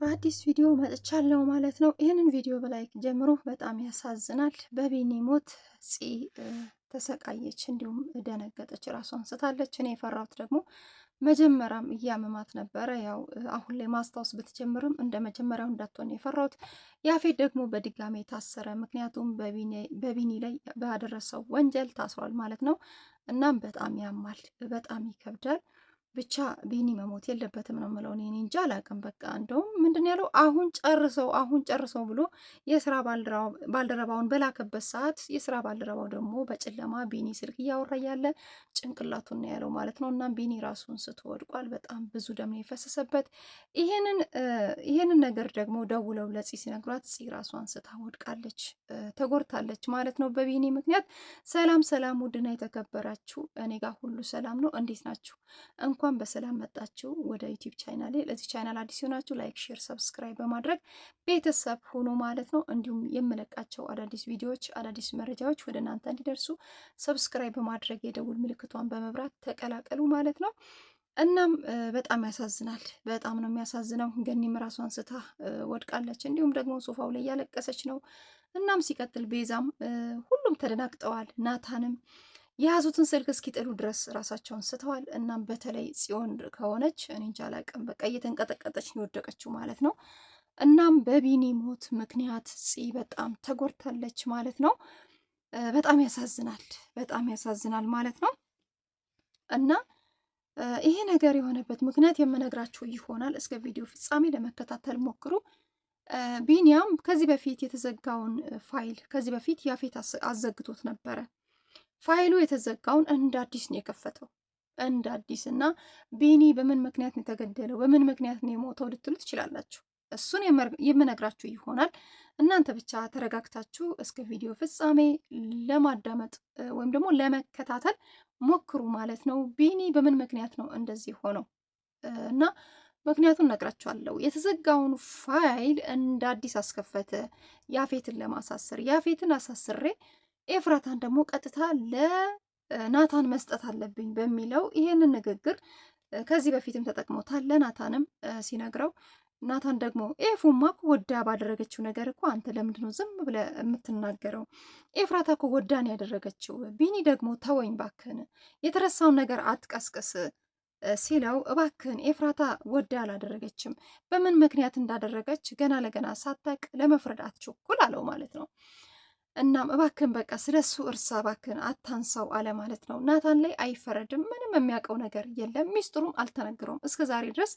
በአዲስ ቪዲዮ መጥቻለሁ ማለት ነው። ይህንን ቪዲዮ በላይክ ጀምሮ በጣም ያሳዝናል። በቢኒ ሞት ፂ ተሰቃየች፣ እንዲሁም ደነገጠች፣ ራሷን ስታለች። እኔ የፈራሁት ደግሞ መጀመሪያም እያመማት ነበረ። ያው አሁን ላይ ማስታወስ ብትጀምርም እንደ መጀመሪያው እንዳትሆን የፈራሁት። ያፌት ደግሞ በድጋሜ ታሰረ፣ ምክንያቱም በቢኒ ላይ ባደረሰው ወንጀል ታስሯል ማለት ነው። እናም በጣም ያማል፣ በጣም ይከብዳል። ብቻ ቢኒ መሞት የለበትም ነው የምለው። እኔ እንጃ አላውቅም። በቃ እንደውም ምንድን ያለው አሁን ጨርሰው አሁን ጨርሰው ብሎ የስራ ባልደረባውን በላከበት ሰዓት የስራ ባልደረባው ደግሞ በጨለማ ቢኒ ስልክ እያወራ ያለ ጭንቅላቱን ነው ያለው ማለት ነው። እናም ቢኒ ራሱን ስቶ ወድቋል። በጣም ብዙ ደም ነው የፈሰሰበት። ይሄንን ነገር ደግሞ ደውለው ለጽ ሲነግሯት ጽ ራሷን ስታ ወድቃለች፣ ተጎድታለች ማለት ነው በቢኒ ምክንያት። ሰላም ሰላም፣ ውድና የተከበራችሁ እኔ ጋር ሁሉ ሰላም ነው። እንዴት ናችሁ? እንኳን እንኳን በሰላም መጣችሁ ወደ ዩቲዩብ ቻናሌ። ለዚህ ቻናል አዲስ ሆናችሁ ላይክ፣ ሼር፣ ሰብስክራይብ በማድረግ ቤተሰብ ሆኖ ማለት ነው። እንዲሁም የምለቃቸው አዳዲስ ቪዲዮዎች፣ አዳዲስ መረጃዎች ወደ እናንተ እንዲደርሱ ሰብስክራይብ በማድረግ የደውል ምልክቷን በመብራት ተቀላቀሉ ማለት ነው። እናም በጣም ያሳዝናል። በጣም ነው የሚያሳዝነው። ገኒም ራሷን ስታ ወድቃለች። እንዲሁም ደግሞ ሶፋው ላይ እያለቀሰች ነው። እናም ሲቀጥል ቤዛም ሁሉም ተደናግጠዋል። ናታንም የያዙትን ስልክ እስኪጥሉ ድረስ ራሳቸውን ስተዋል። እናም በተለይ ጽዮን ከሆነች እኔ እንጃ አላውቅም፣ በቃ እየተንቀጠቀጠች ነው የወደቀችው ማለት ነው። እናም በቢኒ ሞት ምክንያት ጽ በጣም ተጎድታለች ማለት ነው። በጣም ያሳዝናል፣ በጣም ያሳዝናል ማለት ነው። እና ይሄ ነገር የሆነበት ምክንያት የምነግራችሁ ይሆናል። እስከ ቪዲዮ ፍጻሜ ለመከታተል ሞክሩ። ቢኒያም ከዚህ በፊት የተዘጋውን ፋይል ከዚህ በፊት ያፌት አዘግቶት ነበረ ፋይሉ የተዘጋውን እንደ አዲስ ነው የከፈተው እንደ አዲስ እና ቢኒ በምን ምክንያት ነው የተገደለው፣ በምን ምክንያት ነው የሞተው ልትሉ ትችላላችሁ። እሱን የምነግራችሁ ይሆናል። እናንተ ብቻ ተረጋግታችሁ እስከ ቪዲዮ ፍጻሜ ለማዳመጥ ወይም ደግሞ ለመከታተል ሞክሩ ማለት ነው። ቢኒ በምን ምክንያት ነው እንደዚህ ሆነው እና ምክንያቱን እነግራችኋለሁ። የተዘጋውን ፋይል እንደ አዲስ አስከፈተ ያፌትን ለማሳሰር ያፌትን አሳስሬ ኤፍራታን ደግሞ ቀጥታ ለናታን መስጠት አለብኝ በሚለው ይሄንን ንግግር ከዚህ በፊትም ተጠቅሞታል። ለናታንም ሲነግረው ናታን ደግሞ ኤፉማ እኮ ወዳ ባደረገችው ነገር እኮ አንተ ለምንድን ዝም ብለ የምትናገረው? ኤፍራታ እኮ ወዳን ያደረገችው። ቢኒ ደግሞ ተወኝ ባክህን፣ የተረሳውን ነገር አትቀስቅስ ሲለው እባክህን ኤፍራታ ወዳ አላደረገችም፣ በምን ምክንያት እንዳደረገች ገና ለገና ሳታቅ ለመፍረድ አትቸኩል አለው ማለት ነው። እናም እባክን በቃ ስለ እሱ እርሳ እባክን አታንሳው አለ ማለት ነው። ናታን ላይ አይፈረድም። ምንም የሚያውቀው ነገር የለም። ሚስጥሩም አልተነግረውም እስከ ዛሬ ድረስ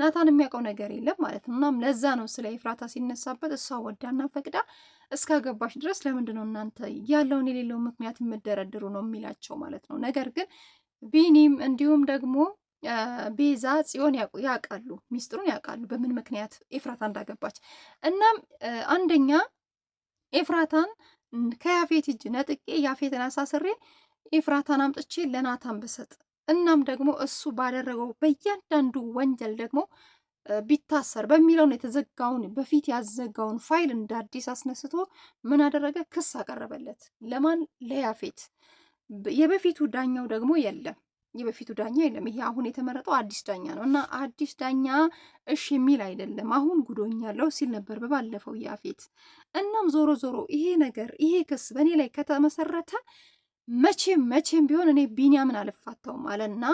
ናታን የሚያውቀው ነገር የለም ማለት ነው። እናም ለዛ ነው ስለ ኤፍራታ ሲነሳበት እሷ ወዳና ፈቅዳ እስካገባሽ ድረስ ለምንድን ነው እናንተ ያለውን የሌለውን ምክንያት የምደረድሩ ነው የሚላቸው ማለት ነው። ነገር ግን ቢኒም እንዲሁም ደግሞ ቤዛ ጽዮን ያውቃሉ፣ ሚስጥሩን ያውቃሉ በምን ምክንያት ኤፍራታ እንዳገባች። እናም አንደኛ ኤፍራታን ከያፌት እጅ ነጥቄ ያፌትን አሳስሬ ኤፍራታን አምጥቼ ለናታን ብሰጥ እናም ደግሞ እሱ ባደረገው በእያንዳንዱ ወንጀል ደግሞ ቢታሰር በሚለውን የተዘጋውን በፊት ያዘጋውን ፋይል እንደ አዲስ አስነስቶ ምን አደረገ? ክስ አቀረበለት። ለማን? ለያፌት። የበፊቱ ዳኛው ደግሞ የለም የበፊቱ ዳኛ የለም። ይሄ አሁን የተመረጠው አዲስ ዳኛ ነው እና አዲስ ዳኛ እሽ የሚል አይደለም። አሁን ጉዶኛለሁ ሲል ነበር በባለፈው ያፌት። እናም ዞሮ ዞሮ ይሄ ነገር ይሄ ክስ በእኔ ላይ ከተመሰረተ መቼም መቼም ቢሆን እኔ ቢኒያምን አልፋታውም አለና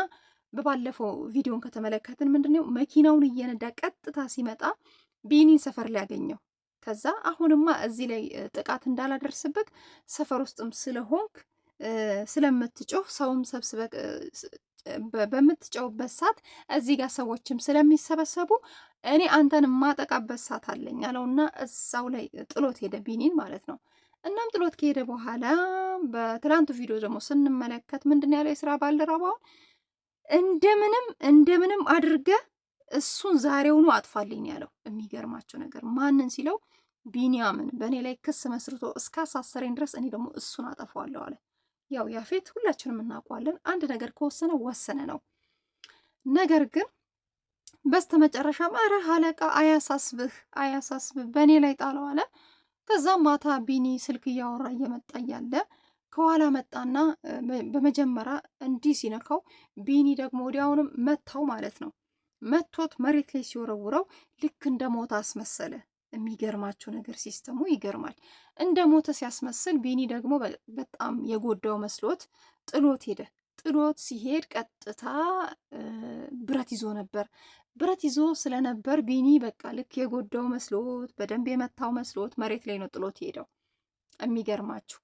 በባለፈው ቪዲዮን ከተመለከትን ምንድነው መኪናውን እየነዳ ቀጥታ ሲመጣ ቢኒን ሰፈር ሊያገኘው ከዛ አሁንማ እዚህ ላይ ጥቃት እንዳላደርስበት ሰፈር ውስጥም ስለሆንክ ስለምትጮህ ሰውም ሰብስበ በምትጨውበት ሰዓት እዚህ ጋር ሰዎችም ስለሚሰበሰቡ እኔ አንተን የማጠቃበት ሰዓት አለኝ አለውና እዛው ላይ ጥሎት ሄደ ቢኒን ማለት ነው። እናም ጥሎት ከሄደ በኋላ በትላንቱ ቪዲዮ ደግሞ ስንመለከት ምንድን ያለው የስራ ባልደረባውን እንደምንም እንደምንም አድርገ እሱን ዛሬውኑ አጥፋልኝ ያለው። የሚገርማቸው ነገር ማንን ሲለው ቢኒያምን በእኔ ላይ ክስ መስርቶ እስካሳሰረኝ ድረስ እኔ ደግሞ እሱን አጠፋዋለሁ አለ። ያው ያፌት ሁላችንም እናውቀዋለን። አንድ ነገር ከወሰነ ወሰነ ነው። ነገር ግን በስተመጨረሻ ኧረ አለቃ አያሳስብህ፣ አያሳስብህ በእኔ ላይ ጣለው አለ። ከዛም ማታ ቢኒ ስልክ እያወራ እየመጣ እያለ ከኋላ መጣና በመጀመሪያ እንዲህ ሲነካው ቢኒ ደግሞ ወዲያውንም መታው ማለት ነው። መቶት መሬት ላይ ሲወረውረው ልክ እንደ ሞታ አስመሰለ። የሚገርማቸው ነገር ሲስተሙ ይገርማል። እንደ ሞተ ሲያስመስል ቢኒ ደግሞ በጣም የጎዳው መስሎት ጥሎት ሄደ። ጥሎት ሲሄድ ቀጥታ ብረት ይዞ ነበር። ብረት ይዞ ስለነበር ቢኒ በቃ ልክ የጎዳው መስሎት በደንብ የመታው መስሎት መሬት ላይ ነው ጥሎት ሄደው። የሚገርማችሁ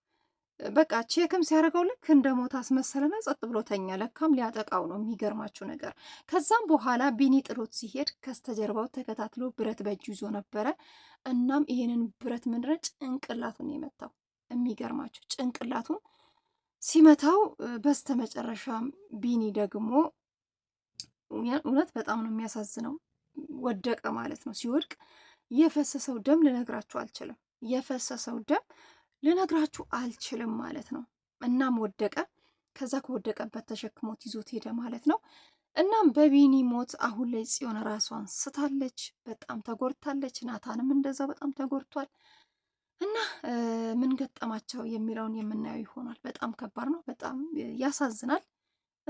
በቃ ቼክም ሲያደርገው ልክ እንደ ሞት አስመሰለና ጸጥ ብሎ ተኛ። ለካም ሊያጠቃው ነው። የሚገርማችሁ ነገር ከዛም በኋላ ቢኒ ጥሎት ሲሄድ ከስተጀርባው ተከታትሎ ብረት በእጁ ይዞ ነበረ። እናም ይሄንን ብረት ምንድነው ጭንቅላቱን የመታው። የሚገርማችሁ ጭንቅላቱን ሲመታው በስተመጨረሻም ቢኒ ደግሞ እውነት በጣም ነው የሚያሳዝነው፣ ወደቀ ማለት ነው። ሲወድቅ የፈሰሰው ደም ልነግራችሁ አልችልም። የፈሰሰው ደም ልነግራችሁ አልችልም ማለት ነው። እናም ወደቀ። ከዛ ከወደቀበት ተሸክሞት ይዞት ሄደ ማለት ነው። እናም በቢኒ ሞት አሁን ላይ ጽዮን ራሷን ስታለች፣ በጣም ተጎድታለች። ናታንም እንደዛ በጣም ተጎድቷል። እና ምን ገጠማቸው የሚለውን የምናየው ይሆናል። በጣም ከባድ ነው። በጣም ያሳዝናል።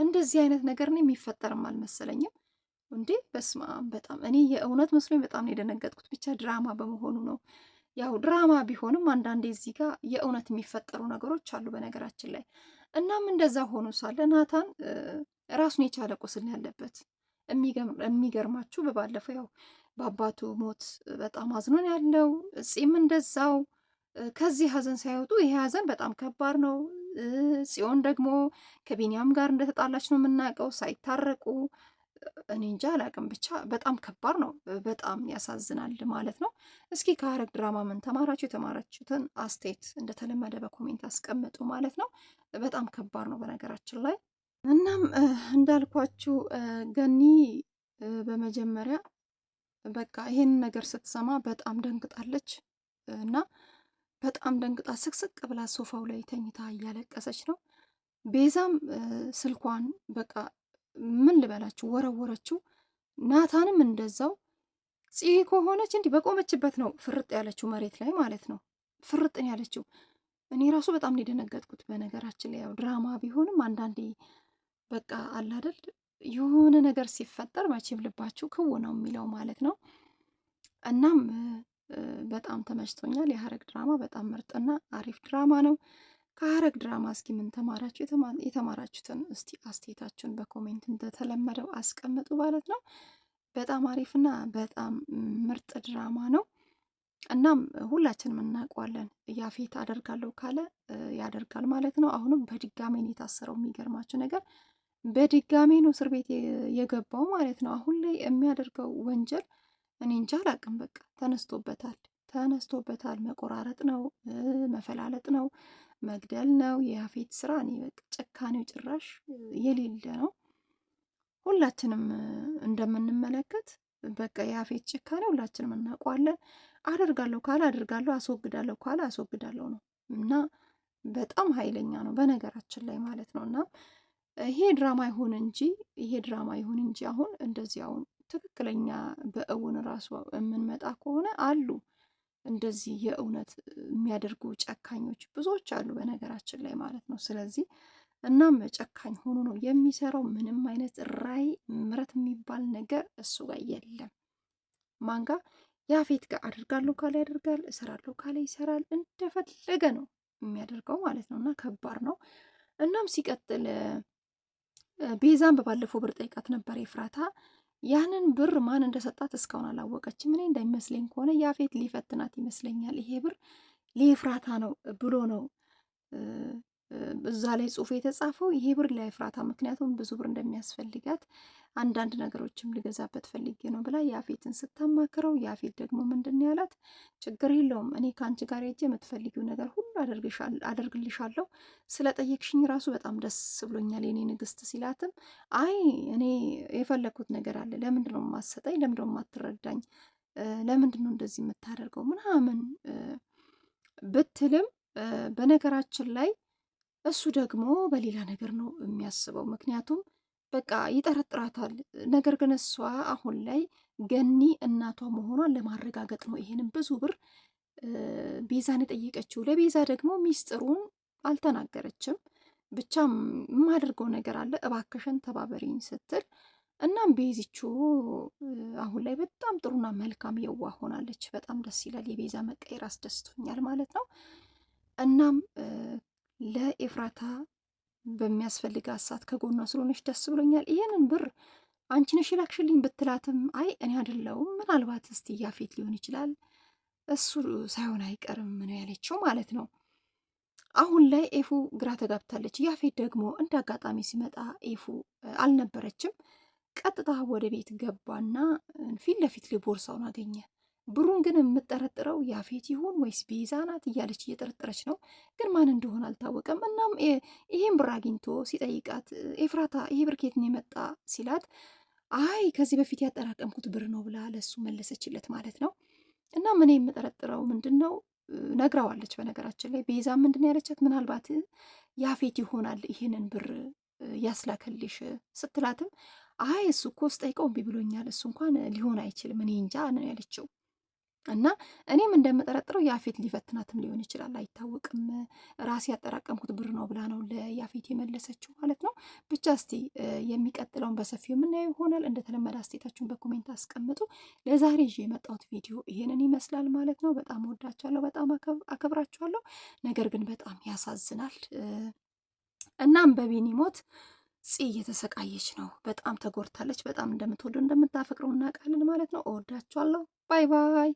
እንደዚህ አይነት ነገር ነው የሚፈጠርም አልመሰለኝም። እንዴ በስመ በጣም እኔ የእውነት መስሎኝ በጣም ነው የደነገጥኩት። ብቻ ድራማ በመሆኑ ነው ያው ድራማ ቢሆንም አንዳንዴ እዚህ ጋር የእውነት የሚፈጠሩ ነገሮች አሉ በነገራችን ላይ። እናም እንደዛ ሆኖ ሳለ ናታን ራሱን የቻለ ቁስል ያለበት የሚገርማችሁ በባለፈው ያው በአባቱ ሞት በጣም አዝኖን ያለው ጺም እንደዛው ከዚህ ሀዘን ሳይወጡ ይሄ ሀዘን በጣም ከባድ ነው። ጽዮን ደግሞ ከቢንያም ጋር እንደተጣላች ነው የምናውቀው። ሳይታረቁ እኔ እንጃ አላቅም። ብቻ በጣም ከባድ ነው፣ በጣም ያሳዝናል ማለት ነው። እስኪ ከሐረግ ድራማ ምን ተማራችሁ? የተማራችሁትን አስቴት እንደተለመደ በኮሜንት አስቀምጡ ማለት ነው። በጣም ከባድ ነው በነገራችን ላይ። እናም እንዳልኳችሁ ገኒ በመጀመሪያ በቃ ይህን ነገር ስትሰማ በጣም ደንግጣለች እና በጣም ደንግጣ ስቅስቅ ብላ ሶፋው ላይ ተኝታ እያለቀሰች ነው። ቤዛም ስልኳን በቃ ምን ልበላችሁ ወረወረችው። ናታንም እንደዛው ጽሄ ከሆነች እንዲህ በቆመችበት ነው ፍርጥ ያለችው መሬት ላይ ማለት ነው። ፍርጥን ያለችው እኔ ራሱ በጣም የደነገጥኩት በነገራችን ላይ ያው ድራማ ቢሆንም አንዳንዴ በቃ አላደል የሆነ ነገር ሲፈጠር መቼም ልባችሁ ክው ነው የሚለው ማለት ነው። እናም በጣም ተመችቶኛል። የሀረግ ድራማ በጣም ምርጥና አሪፍ ድራማ ነው። ከሀረግ ድራማ እስኪ ምን ተማራችሁ? የተማራችሁትን እስቲ አስተያየታችሁን በኮሜንት እንደተለመደው አስቀምጡ ማለት ነው። በጣም አሪፍና በጣም ምርጥ ድራማ ነው። እናም ሁላችንም እናውቀዋለን ያፌት አደርጋለሁ ካለ ያደርጋል ማለት ነው። አሁንም በድጋሜ ነው የታሰረው። የሚገርማችሁ ነገር በድጋሜ ነው እስር ቤት የገባው ማለት ነው። አሁን ላይ የሚያደርገው ወንጀል እኔ እንጃ አላቅም። በቃ ተነስቶበታል ተነስቶበታል። መቆራረጥ ነው መፈላለጥ ነው መግደል ነው የያፌት ስራ። እኔ በቃ ጭካኔው ጭራሽ የሌለ ነው። ሁላችንም እንደምንመለከት በቃ የያፌት ጭካኔ ሁላችንም እናውቀዋለን። አደርጋለሁ ካለ አደርጋለሁ፣ አስወግዳለሁ ካለ አስወግዳለሁ ነው እና በጣም ኃይለኛ ነው በነገራችን ላይ ማለት ነው። እና ይሄ ድራማ ይሁን እንጂ ይሄ ድራማ ይሁን እንጂ አሁን እንደዚህ አሁን ትክክለኛ በእውን ራሱ የምንመጣ ከሆነ አሉ እንደዚህ የእውነት የሚያደርጉ ጨካኞች ብዙዎች አሉ በነገራችን ላይ ማለት ነው። ስለዚህ እናም ጨካኝ ሆኖ ነው የሚሰራው። ምንም አይነት ራይ ምረት የሚባል ነገር እሱ ጋር የለም። ማንጋ ያፌት ጋር አድርጋለሁ ካለ ያደርጋል፣ እሰራለሁ ካለ ይሰራል። እንደፈለገ ነው የሚያደርገው ማለት ነው። እና ከባድ ነው። እናም ሲቀጥል ቤዛን በባለፈው ብር ጠይቃት ነበር የፍራታ ያንን ብር ማን እንደሰጣት እስካሁን አላወቀችም። እኔ እንደሚመስለኝ ከሆነ ያፌት ሊፈትናት ይመስለኛል። ይሄ ብር ለኤፍራታ ነው ብሎ ነው እዛ ላይ ጽሁፍ የተጻፈው ይሄ ብር ለኤፍራታ፣ ምክንያቱም ብዙ ብር እንደሚያስፈልጋት አንዳንድ ነገሮችም ልገዛበት ፈልጌ ነው ብላ ያፌትን ስታማክረው ያፌት ደግሞ ምንድን ያላት? ችግር የለውም እኔ ከአንቺ ጋር ሄጄ የምትፈልጊው ነገር ሁሉ አደርግልሻለሁ፣ ስለጠየቅሽኝ ራሱ በጣም ደስ ብሎኛል የኔ ንግስት ሲላትም፣ አይ እኔ የፈለግኩት ነገር አለ ለምንድን ነው የማትሰጠኝ? ለምንድን ነው የማትረዳኝ? ለምንድን ነው እንደዚህ የምታደርገው ምናምን ብትልም በነገራችን ላይ እሱ ደግሞ በሌላ ነገር ነው የሚያስበው ምክንያቱም በቃ ይጠረጥራታል። ነገር ግን እሷ አሁን ላይ ገኒ እናቷ መሆኗን ለማረጋገጥ ነው ይሄንን ብዙ ብር ቤዛን የጠየቀችው። ለቤዛ ደግሞ ሚስጥሩን አልተናገረችም። ብቻም የማደርገው ነገር አለ እባከሽን ተባበሪኝ ስትል እናም ቤዚቹ አሁን ላይ በጣም ጥሩና መልካም የዋ ሆናለች። በጣም ደስ ይላል። የቤዛ መቀየር አስደስቶኛል ማለት ነው። እናም ለኤፍራታ በሚያስፈልጋት ሰዓት ከጎኗ ስለሆነች ደስ ብሎኛል። ይህንን ብር አንቺ ነሽ የላክሽልኝ ብትላትም አይ እኔ አይደለሁም ምናልባት እስቲ ያፌት ሊሆን ይችላል እሱ ሳይሆን አይቀርም ነው ያለችው ማለት ነው። አሁን ላይ ኤፉ ግራ ተጋብታለች። ያፌት ደግሞ እንደ አጋጣሚ ሲመጣ ኤፉ አልነበረችም። ቀጥታ ወደ ቤት ገባና ፊት ለፊት ላይ ቦርሳውን አገኘ። ብሩን ግን የምጠረጥረው ያፌት ይሁን ወይስ ቤዛ ናት እያለች እየጠረጠረች ነው። ግን ማን እንደሆነ አልታወቀም። እናም ይሄን ብር አግኝቶ ሲጠይቃት ኤፍራታ ይሄ ብር ከየት ነው የመጣ ሲላት አይ ከዚህ በፊት ያጠራቀምኩት ብር ነው ብላ ለሱ መለሰችለት ማለት ነው። እናም እኔ የምጠረጥረው ምንድን ነው ነግረዋለች። በነገራችን ላይ ቤዛ ምንድን ያለቻት ምናልባት ያፌት ይሆናል ይህንን ብር ያስላከልሽ ስትላትም አይ እሱ እኮ ስጠይቀው እምቢ ብሎኛል፣ እሱ እንኳን ሊሆን አይችልም፣ እኔ እንጃ ነው ያለችው። እና እኔም እንደምጠረጥረው ያፌት ሊፈትናትም ሊሆን ይችላል፣ አይታወቅም። ራሴ ያጠራቀምኩት ብር ነው ብላ ነው ለያፌት የመለሰችው ማለት ነው። ብቻ እስቲ የሚቀጥለውን በሰፊው የምናየው ይሆናል። እንደተለመደ አስተያየታችሁን በኮሜንት አስቀምጡ። ለዛሬ ይዤ የመጣሁት ቪዲዮ ይሄንን ይመስላል ማለት ነው። በጣም ወዳችኋለሁ፣ በጣም አከብራችኋለሁ። ነገር ግን በጣም ያሳዝናል። እናም በቢኒ ሞት ጽ እየተሰቃየች ነው። በጣም ተጎድታለች። በጣም እንደምትወዱ እንደምታፈቅረው እናውቃለን ማለት ነው። እወዳችኋለሁ። ባይ ባይ